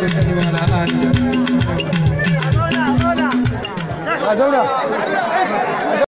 Adora, adora. Adora.